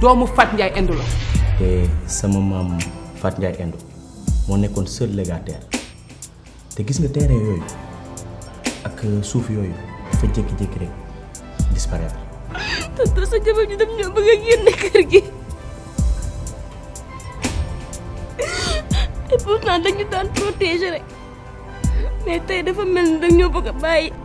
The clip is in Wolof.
doomu Fat Ndiaye Endou la. té sama mam Fat Ndiaye Endou mo nekkoon seul légataire té gis nga terrain yoy ak souf yoy fa jek jek rek disparaître. tonton sa jabar ñu dem ñoo bëgg a génne kër gi et pourtant dañu daan protéger rek mais tay dafa melni ni dañoo bëgg bayyi